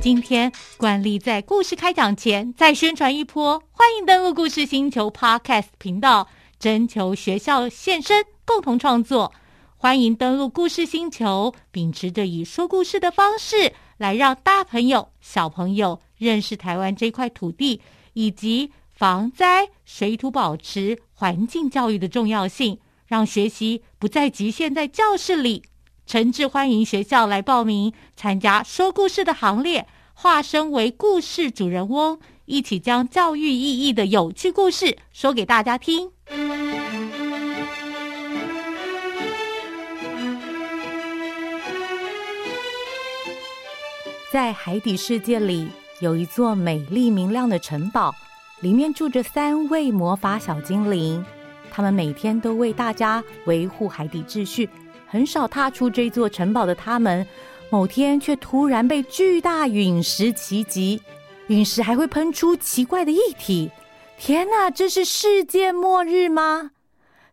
今天慣例在故事開講前再宣傳一波，歡迎登錄故事星球 Podcast 頻道，徵求學校現身共同創作。歡迎登錄故事星球，秉持着以說故事的方式來讓大朋友、小朋友認識台灣這塊土地，以及防災、水土保持、環境教育的重要性，讓學習不再局限在教室裡。誠摯歡迎學校來報名參加說故事的行列，化身為故事主人翁，一起將教育意義的有趣故事說給大家聽。在海底世界裡，有一座美麗明亮的城堡，裡面住着三位魔法小精靈，他們每天都為大家維護海底秩序。很少踏出這座城堡的他們，某天卻突然被巨大隕石襲擊。隕石還會噴出奇怪的液體。天哪，這是世界末日嗎？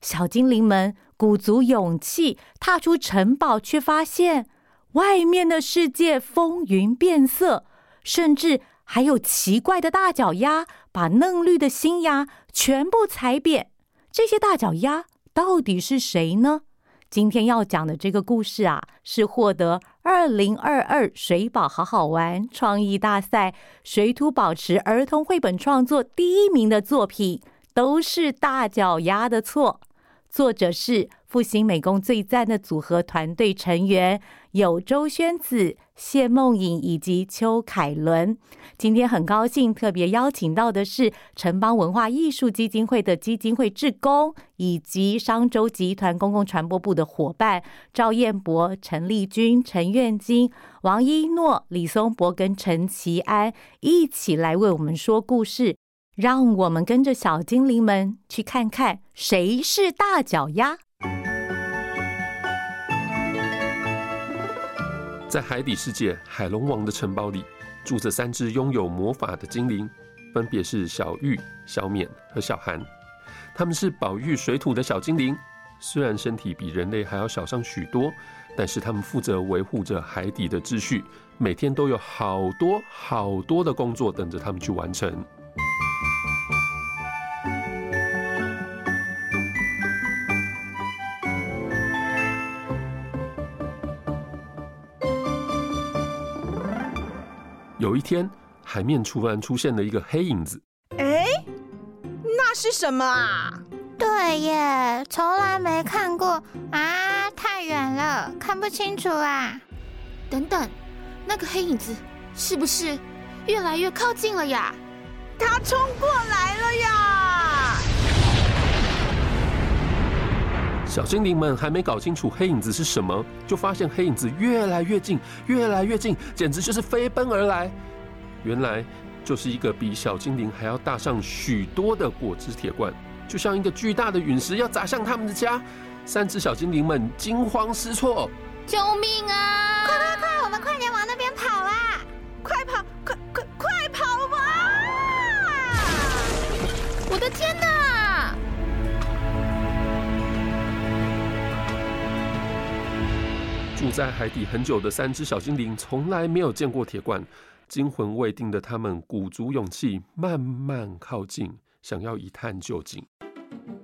小精靈們鼓足勇氣踏出城堡，卻發現外面的世界風雲變色，甚至還有奇怪的大腳丫把嫩綠的新芽全部踩扁。這些大腳丫到底是誰呢？今天要講的這個故事啊，是獲得二零二二水保好好玩創意大賽水土保持兒童繪本創作第一名的作品，都是大腳丫的錯。作者是復興美工最讚的組合團隊成員，有周暄梓。謝孟穎以及邱凱綸，今天很高興特別邀請到的是城邦文化藝術基金會的基金會志工，以及商周集團公共傳播部的夥伴趙彥博、陳麗君、陳願金、王一諾、李松博、跟陳奇安一起來為我們說故事，讓我們跟着小精靈們去看看誰是大腳丫。在海底世界，海龍王的城堡裡住着三隻擁有魔法的精靈，分別是小玉、小冕和小寒。他們是保育水土的小精靈，雖然身體比人類還要小上許多，但是他們負責維護着海底的秩序。每天都有好多好多的工作等着他們去完成。有一天，海面突然出現了一個黑影子。哎，那是什麼啊？對耶，從來沒看過啊！太遠了，看不清楚啊。等等，那個黑影子是不是越來越靠近了呀？他衝過來了呀！小精靈們還沒搞清楚黑影子是什麼，就發現黑影子越來越近，越來越近，簡直就是飛奔而來。原來就是一個比小精靈還要大上許多的果汁鐵罐，就像一個巨大的隕石要砸向他們的家。三隻小精靈們驚慌失措：“救命啊！快快快，我們快點往……”住在海底很久的三隻小精靈，從來沒有見過鐵罐，驚魂未定的他們鼓足勇氣，慢慢靠近，想要一探究竟。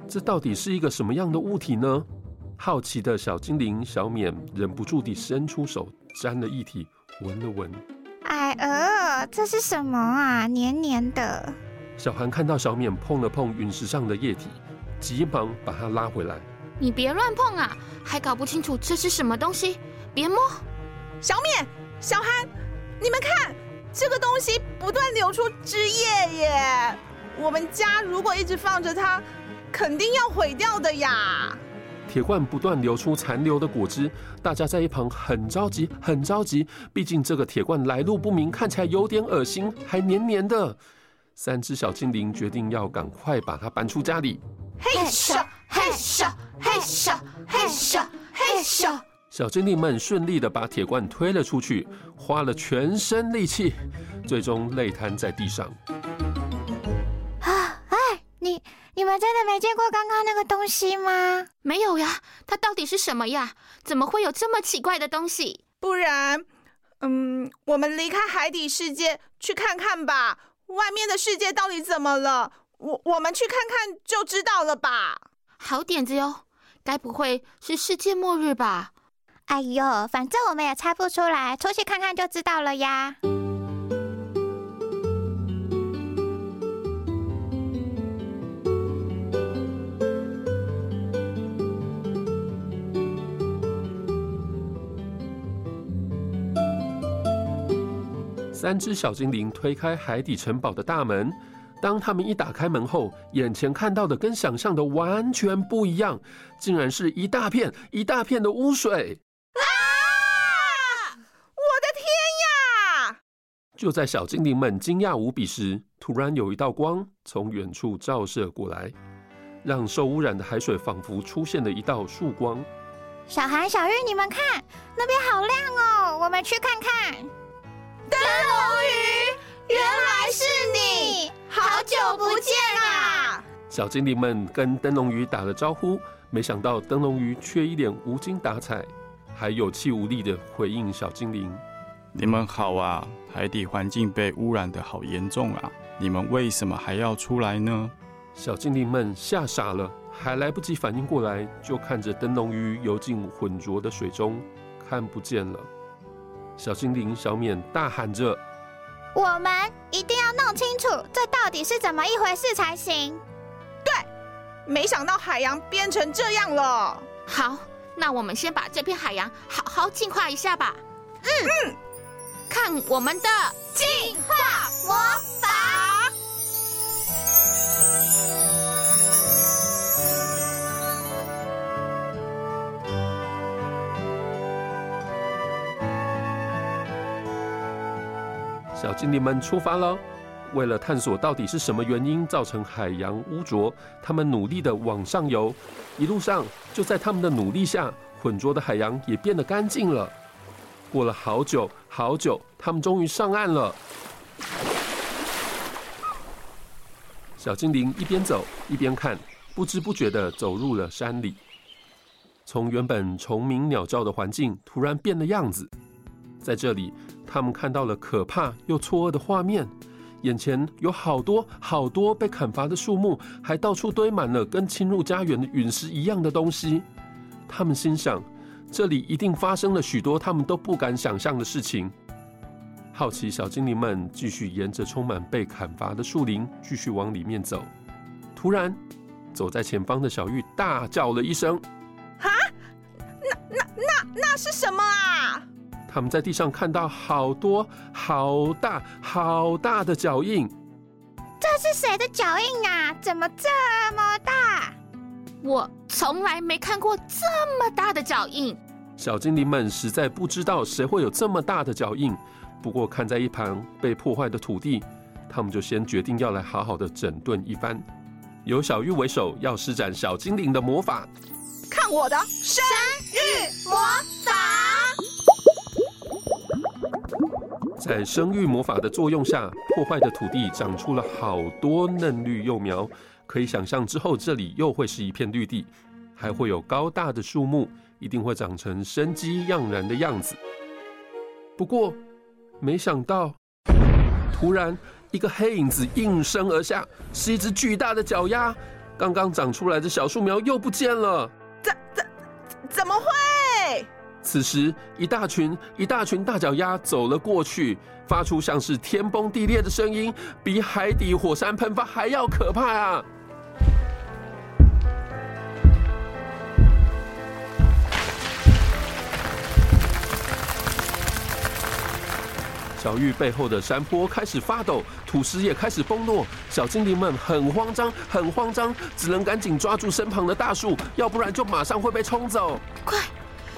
這到底是一個什麼樣的物體呢？好奇的小精靈小冕忍不住地伸出手，沾了液體，聞了聞。哎呃，這是什麼啊？黏黏的。小韓看到小冕碰了碰隕石上的液體，急忙把它拉回來。你別亂碰啊！還搞不清楚這是什麼東西，別摸。小敏、小韓，你們看，這個東西不斷流出汁液耶！我們家如果一直放着它，肯定要毀掉的呀。鐵罐不斷流出殘留的果汁，大家在一旁很着急，很着急。畢竟這個鐵罐來路不明，看起來有點噁心，還黏黏的。三隻小精靈決定要趕快把它搬出家裡。嘿咻、hey！嘿咻，嘿咻，嘿咻，嘿咻，嘿咻！小精靈們順利地把鐵罐推了出去，花了全身力氣，最終累癱在地上。啊！哎，你你們真的沒見過剛剛那個東西嗎？沒有呀，它到底是什麼呀？怎麼會有這麼奇怪的東西？不然，嗯，我們離開海底世界去看看吧，外面的世界到底怎麼了？我我們去看看就知道了吧。好點子喲！該不會是世界末日吧？哎呦，反正我們也猜不出來，出去看看就知道了呀。三隻小精靈推開海底城堡的大門。當他們一打開門後，眼前看到的跟想象的完全不一樣，竟然是一大片一大片的污水！啊！我的天呀！就在小精靈們驚訝無比時，突然有一道光從遠處照射過來，讓受污染的海水仿佛出現了一道曙光。小韓、小玉，你們看，那邊好亮哦，我們去看看。燈籠魚。好久不見啦！小精靈們跟燈籠魚打了招呼，沒想到燈籠魚卻一臉無精打采，還有氣無力的回應小精靈：“你們好啊，海底環境被污染得好嚴重啊，你們為什麼還要出來呢？”小精靈們嚇傻了，還來不及反應過來，就看着燈籠魚游進渾濁的水中，看不見了。小精靈小冕大喊着。我們一定要弄清楚這到底是怎麼一回事才行。對，沒想到海洋變成這樣了。好，那我們先把這片海洋好好淨化一下吧。嗯嗯，看我們的淨化魔法。小精靈們出發了，為了探索到底是什麼原因造成海洋汙濁，他們努力的往上游。一路上，就在他們的努力下，渾濁的海洋也變得乾淨了。過了好久好久，他們終於上岸了。小精靈一邊走一邊看，不知不覺的走入了山裡。從原本蟲鳴鳥叫的環境，突然變了樣子。在這裡，他們看到了可怕又錯愕的畫面，眼前有好多好多被砍伐的樹木，還到處堆滿了跟侵入家園的隕石一樣的東西。他們心想，這裡一定發生了許多他們都不敢想象的事情。好奇小精靈們繼續沿着充滿被砍伐的樹林繼續往裡面走，突然，走在前方的小玉大叫了一聲：“啊，那、那、那、那是什麼啊？”他們在地上看到好多、好大、好大的腳印。這是誰的腳印啊？怎麼這麼大？我從來沒看過這麼大的腳印。小精靈們實在不知道誰會有這麼大的腳印，不過看在一旁被破壞的土地，他們就先決定要來好好的整頓一番。由小玉為首，要施展小精靈的魔法。看我的生育魔法。在生育魔法的作用下，破壞的土地長出了好多嫩綠幼苗。可以想象，之後這裡又會是一片綠地，還會有高大的樹木，一定會長成生機盎然的樣子。不過，沒想到，突然一個黑影子應聲而下，是一隻巨大的腳丫。剛剛長出來的小樹苗又不見了。怎怎怎麼？此時，一大群一大群大腳丫走了過去，發出像是天崩地裂的聲音，比海底火山噴發還要可怕啊！小玉背後的山坡開始發抖，土石也開始崩落，小精靈們很慌張，很慌張，只能趕緊抓住身旁的大樹，要不然就馬上會被沖走。快！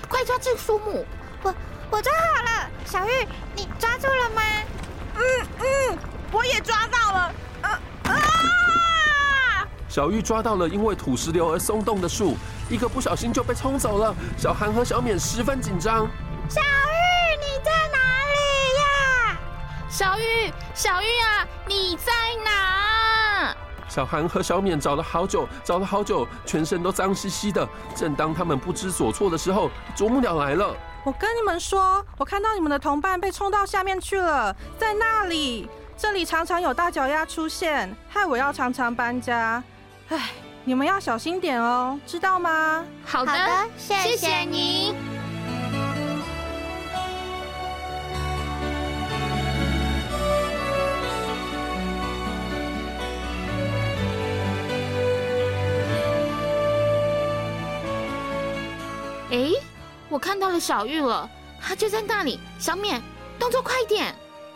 快抓住樹木！我我抓好了。小玉，你抓住了嗎？嗯嗯，我也抓到了。啊！啊。小玉抓到了因為土石流而鬆動的樹，一個不小心就被沖走了。小韓和小敏十分緊張。小玉，你在哪裡呀？小玉，小玉啊，你在哪？小韓和小敏找了好久，找了好久，全身都髒兮兮的。正當他們不知所措的時候，啄木鳥來了。我跟你們說，我看到你們的同伴被沖到下面去了，在那裡，這裡常常有大腳丫出現，害我要常常搬家。哎，你們要小心點哦，知道嗎？好的，好的，謝謝您。謝謝你。我看到了小玉了，她就在那裡。小敏，動作快一點！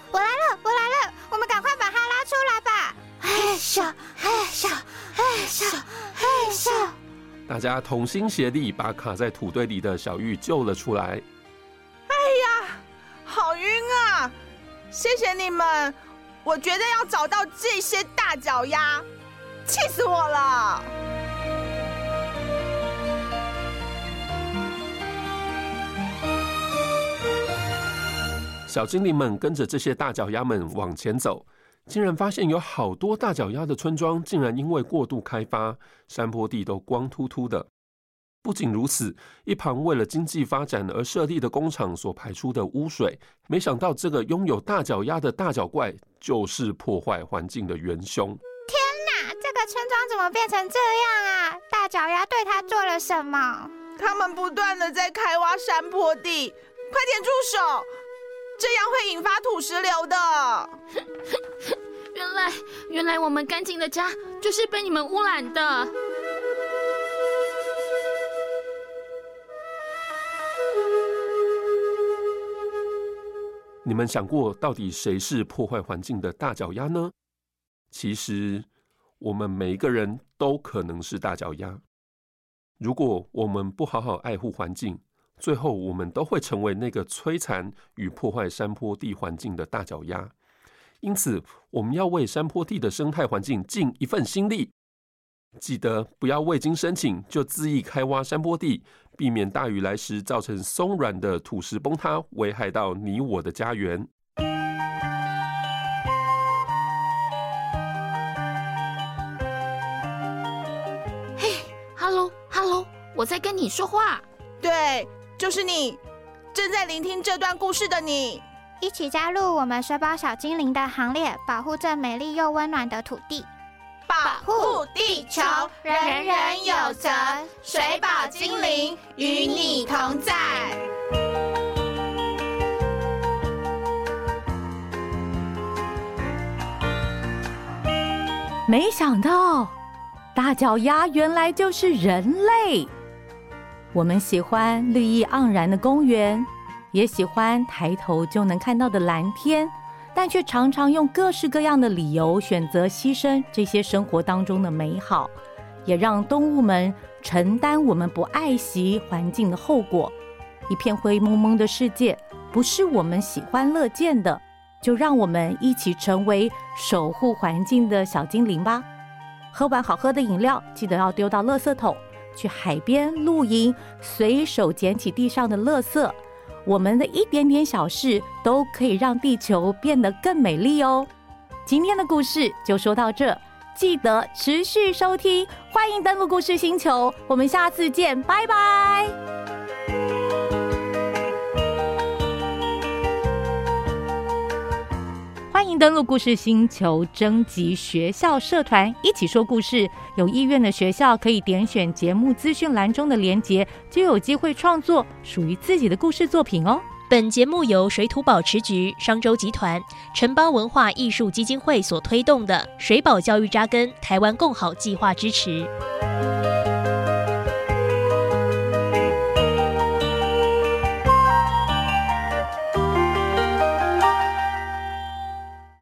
我來了，我來了！我們趕快把她拉出來吧！嘿咻，嘿咻，嘿咻，嘿咻！大家同心協力，把卡在土堆裡的小玉救了出來。哎呀，好暈啊！謝謝你們，我覺得要找到這些大腳丫，氣死我了！小精靈們跟着這些大腳丫們往前走，竟然發現有好多大腳丫的村莊，竟然因為過度開發，山坡地都光禿禿的。不僅如此，一旁為了經濟發展而設立的工廠所排出的污水，沒想到這個擁有大腳丫的大腳怪就是破壞環境的元凶。天哪！這個村莊怎麼變成這樣啊？大腳丫對他做了什麼？他們不斷的在開挖山坡地，快點住手！這樣會引發土石流的。原來，原來我們乾淨的家就是被你們污染的。你們想過到底誰是破壞環境的大腳丫呢？其實，我們每一個人都可能是大腳丫。如果我們不好好愛護環境，最後，我們都會成為那個摧殘與破壞山坡地環境的大腳丫。因此，我們要為山坡地的生態環境盡一份心力。記得不要未經申請就恣意開挖山坡地，避免大雨來時造成鬆軟的土石崩塌，危害到你我的家園嘿。嘿，Hello，Hello，我在跟你說話。對。就是你，正在聆聽這段故事的你，一起加入我們水保小精靈的行列，保護這美麗又溫暖的土地，保護地球，人人有責。水保精靈與你同在。人人同在。沒想到，大腳丫原來就是人類。我們喜歡綠意盎然的公園，也喜歡抬頭就能看到的藍天，但卻常常用各式各樣的理由選擇犧牲這些生活當中的美好，也讓動物們承擔我們不愛惜環境的後果。一片灰蒙蒙的世界不是我們喜歡樂見的，就讓我們一起成為守護環境的小精靈吧。喝完好喝的飲料，記得要丟到垃圾桶。去海邊露營，隨手撿起地上的垃圾，我們的一點點小事都可以讓地球變得更美麗哦。今天的故事就說到這，記得持續收聽，歡迎登陸故事星球，我們下次見，拜拜。歡迎登錄故事星球，徵集學校社團一起說故事。有意願的學校可以點選節目資訊欄中的鏈接，就有機會創作屬於自己的故事作品哦。本節目由水土保持局、商周集團、城邦文化藝術基金會所推動的“水保教育紮根台灣共好計劃”支持。